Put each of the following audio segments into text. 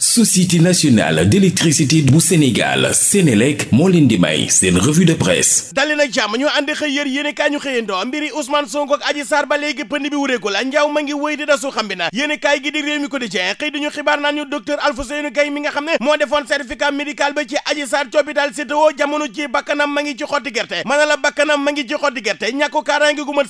société nationale d'électricité bu Sénégal Sénélec moo leen di may seen revue de presse dali nag jàmm ñu àndi xëy yër yéenekaay ñu xëyandoo mbiri Ousmane Sonko ak Adji Sarr ba léegi pënd bi wureeku la njaaw ma ngi wéy di dasu xam bi na yéenekaay gi di réew mi ko di jeex xëy di ñu xibaar naan ñu docteur Alphousseyni Gaye mi nga xam ne moo defoon certificat médical ba ci Adji Sarr ci hôpital Citao jamono ci bakkanam ma ngi ci xotti gerte mën na la bakkanam ma ngi ci xotti gerte ñàkku kaaraange gu mat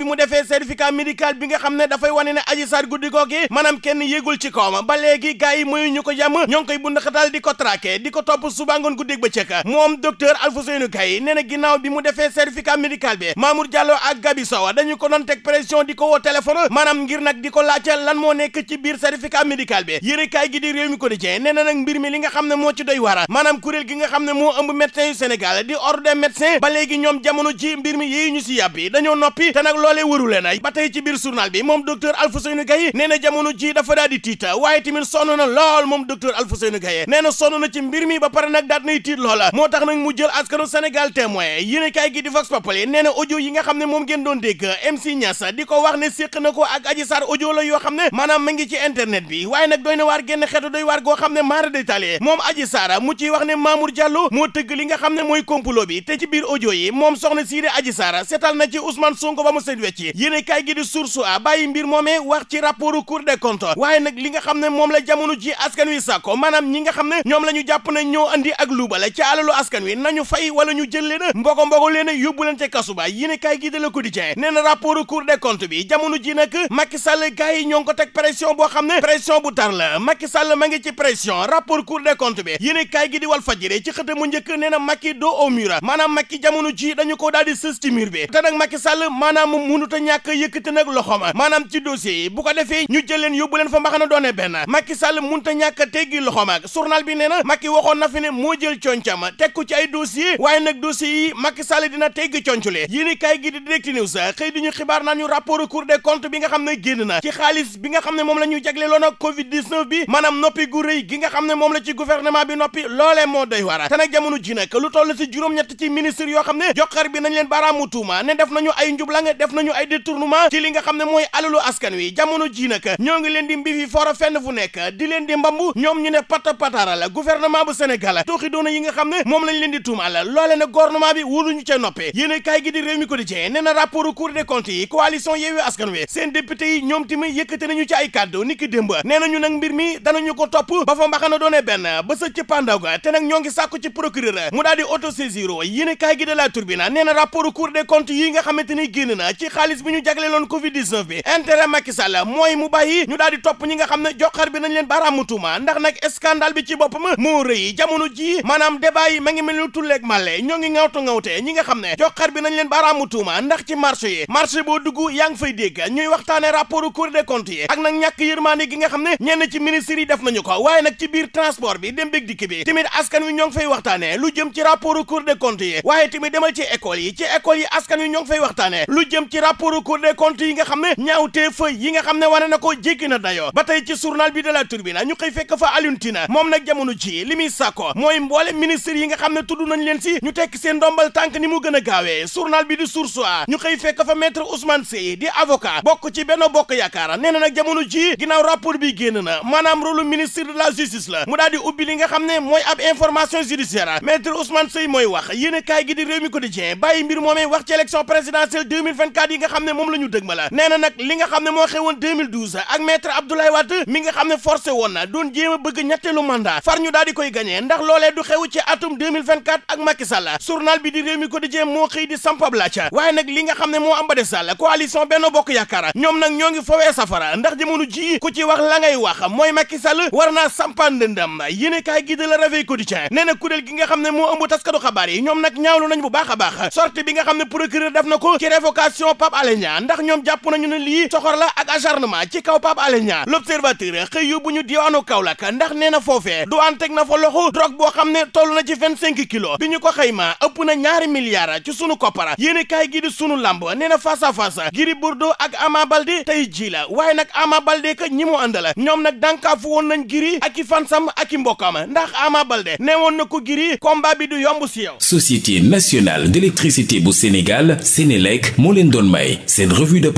bi mu defee certificat médical bi nga xam ne dafay wane ne Adji Sarr guddi maanaam kenn yéegul ci kawam ba léegi gi gars yi mayu ñu ko jàmm ñoo ngi koy bund xataal di ko traqué di ko topp suba ngoon guddeeg bëccëg moom docteur Alfousseynou Gaye nee na ginnaaw bi mu defee certificat médical bi Mamour Diallo ak Gabi Sow dañu ko doon teg pression di ko ngir nag di ko laajte lan moo nekk ci biir certificat médical bi yërekaay gi di ko di nee na nag mi li nga xam ne moo ci doy waar maanaam kuréel gi nga xam ne moo ëmb médecins yu Sénégal di ordre des médecins ba léegi ñoom jamono ji mbir mi yéyu ñu si yàbbi dañoo noppi te nag loolee wëru leen ba tey ci biir journal bi moom docteur Alfousseynou Gaye nee na jamono ji dafa daal tiita waaye tamit sonn na lool moom docteur Alfousseyni Gaye nee na sonn na ci mbir mi ba pare nag daat nay tiit loola moo tax nag mu jël askanu Sénégal témoin yéene kaay gi di Vox Populi nee na audio yi nga xam ne moom ngeen doon dégg MC Niass di ko wax ne séq na ko ak Adji Sarr audio la yoo xam ne maanaam ma ngi ci internet bi waaye nag doy na waar génn xeetu doy waar goo xam ne maara détaillé moom Adji Sarr mu ciy wax ne Mamour Diallo moo tëgg li nga xam ne mooy complot bi te ci biir audio yi moom soxna sii di Adji Sarr na ci Ousmane Sonko ba mu set wecc yéene kaay gi di bàyyi mbir moomee wax ci rapport Cour des comptes waaye nag li nga xam ne moom la jamono ji askan wi sàkko maanaam ñi nga xam ne ñoom la ñu jàpp na ñoo andi ak luubale ci alalu askan wi nañu fay wala ñu jël leen mbogo mbogo leen yóbbu leen ca kasuba yéen kaay gi de la quotidien nee na rapport cour des comptes bi jamono ji nag Macky Sall gars yi ñoo ngi ko teg pression boo xam ne pression bu tar la Macky Sall ma ngi ci pression rapport cour des comptes bi yéen kaay gi di wal fajire ci xëta mu njëkk nee na Macky do au mur maanaam Macky jamono ji dañu ko daal di sës ci mur bi maanaam mënut a ñàkk yëkkati nag loxoma maanaam ci dossier yi bu ko defee ñu jël leen yóbbu leen fa mbaxana doone benn Macky Sall munta ñàkk a teggi loxoom ak journal bi nee na Macky waxoon na fi ne moo jël concam teg ko ci ay dossier waaye nag dossiers yi Macky Sall dina teggi concule yéen i kaay gi di direct news xëy di ñu xibaar naan ñu rapport Cour des comptes bi nga xam ne génn na ci xaalis bi nga xam ne moom la ñu jagleeloon na Covid 19 bi maanaam noppi gu rëy gi nga xam ne moom la ci gouvernement bi noppi loolee moo doy wara jamono ji nag lu toll si juróom-ñett ministre yoo xam ne joxar bi nañ leen baaraamu tuuma ne def nañu ay njublang def nañu ay détournement ci li nga xam ne mooy alalu askan wi jamono ji nag ñoo ngi leen di mbi fi foro fenn fu nekk nag di leen di mbambu ñoom ñu ne pata la gouvernement bu Sénégal tooxi doona yi nga xam ne moom lañ leen di tuumal loole nag gouvernement bi wóoluñu ca noppee yéen kaay gi réew mi ko di autosaisir yéen kaay gi de la Tribune nee na rapport Cour ni génn na ci xaalis bi ñu jagleeloon Covid bi intérêt Macky Sall mooy mu bàyyi ñu daal di topp ñi nga xam ne joxar bi nañ leen baaraamu tuuma ndax nag scandale bi ci boppam moo rëy jamono ji maanaam débat ma ngi mel ni tulleeg màlle ñoo ngi ŋawtu ŋawte nga xam ne joxar bi nañ leen baaraamu tuuma ndax ci marché yi marché boo dugg yaa ngi fay dégg ñuy waxtaane rapport Cour des comptes yi ak nag ñàkk yërmaande gi nga xam ne ñenn ci ministres yi def nañu ko waaye nag ci biir transport bi dem bég dikk bi tamit askan wi ñoo ngi fay waxtaane lu jëm ci rapport Cour des comptes yi waaye tamit demal ne ñaawteef la turbina ñu xëy fekk fa Alioune moom nag jamono ji li muy sàkko mooy mboole ministre yi nga xam ne tudd nañ leen si ñu tekk seen ndombal tànk ni mu gën a gaawee journal bi di Source ñu xëy fekk fa maître Ousmane Seye di avocat bokk ci Benno Bokk Yaakaar nee nag jamono ji ginnaaw rapport bi génn na maanaam rôle ministre de la justice la mu daal ubbi li nga xam ne mooy ab information judiciaire maître Ousmane Seye mooy wax yéen kaay gi di Rewmi Quotidien bàyyi forcé woon na doon jéem a bëgg ñetteelu mandat far ñu daal di koy gagné ndax loolee du xew ci atum 2024 ak Macky Sall journal bi di réew mi quotidien moo xëy di sampab laaca waaye nag li nga xam ne moo am ba des Sall Bokk Yaakaar ñoom nag ñoo ngi fowee safara ndax jamono ji ku ci wax la ngay wax mooy Macky Sall war naa sampaan ndëndam yéene kaay gi de la Réveil quotidien nee na kuréel gi nga xam ne moo ëmb taskatu xabaar yi ñoom nag ñaawlu nañ bu baax a baax sortie bi nga xam ne procureur def na ko ci révocation Pape la ak ci kaw Pape Alé bu ñu diwaanu Kaolack ndax ne na foofee douane teg na fa loxo drogue boo xam ne toll na ci vingt cinq kilos bi ñu ko xaymaa ëpp na ñaari milliards ci sunu koppara yéen kaay gi di sunu lamb nee na face à face Gris Bordeaux ak Ama Baldé tey jii la waaye nag Ama Baldé ka ñi mu àndala ñoom nag dànkaafu woon nañ Gris ak i sam ak i mbokkam ndax Ama Baldé ne woon na ko Gris combat bi du yomb si yow. Société nationale d'électricité bu Sénégal Sénélec moo leen doon may seen revue de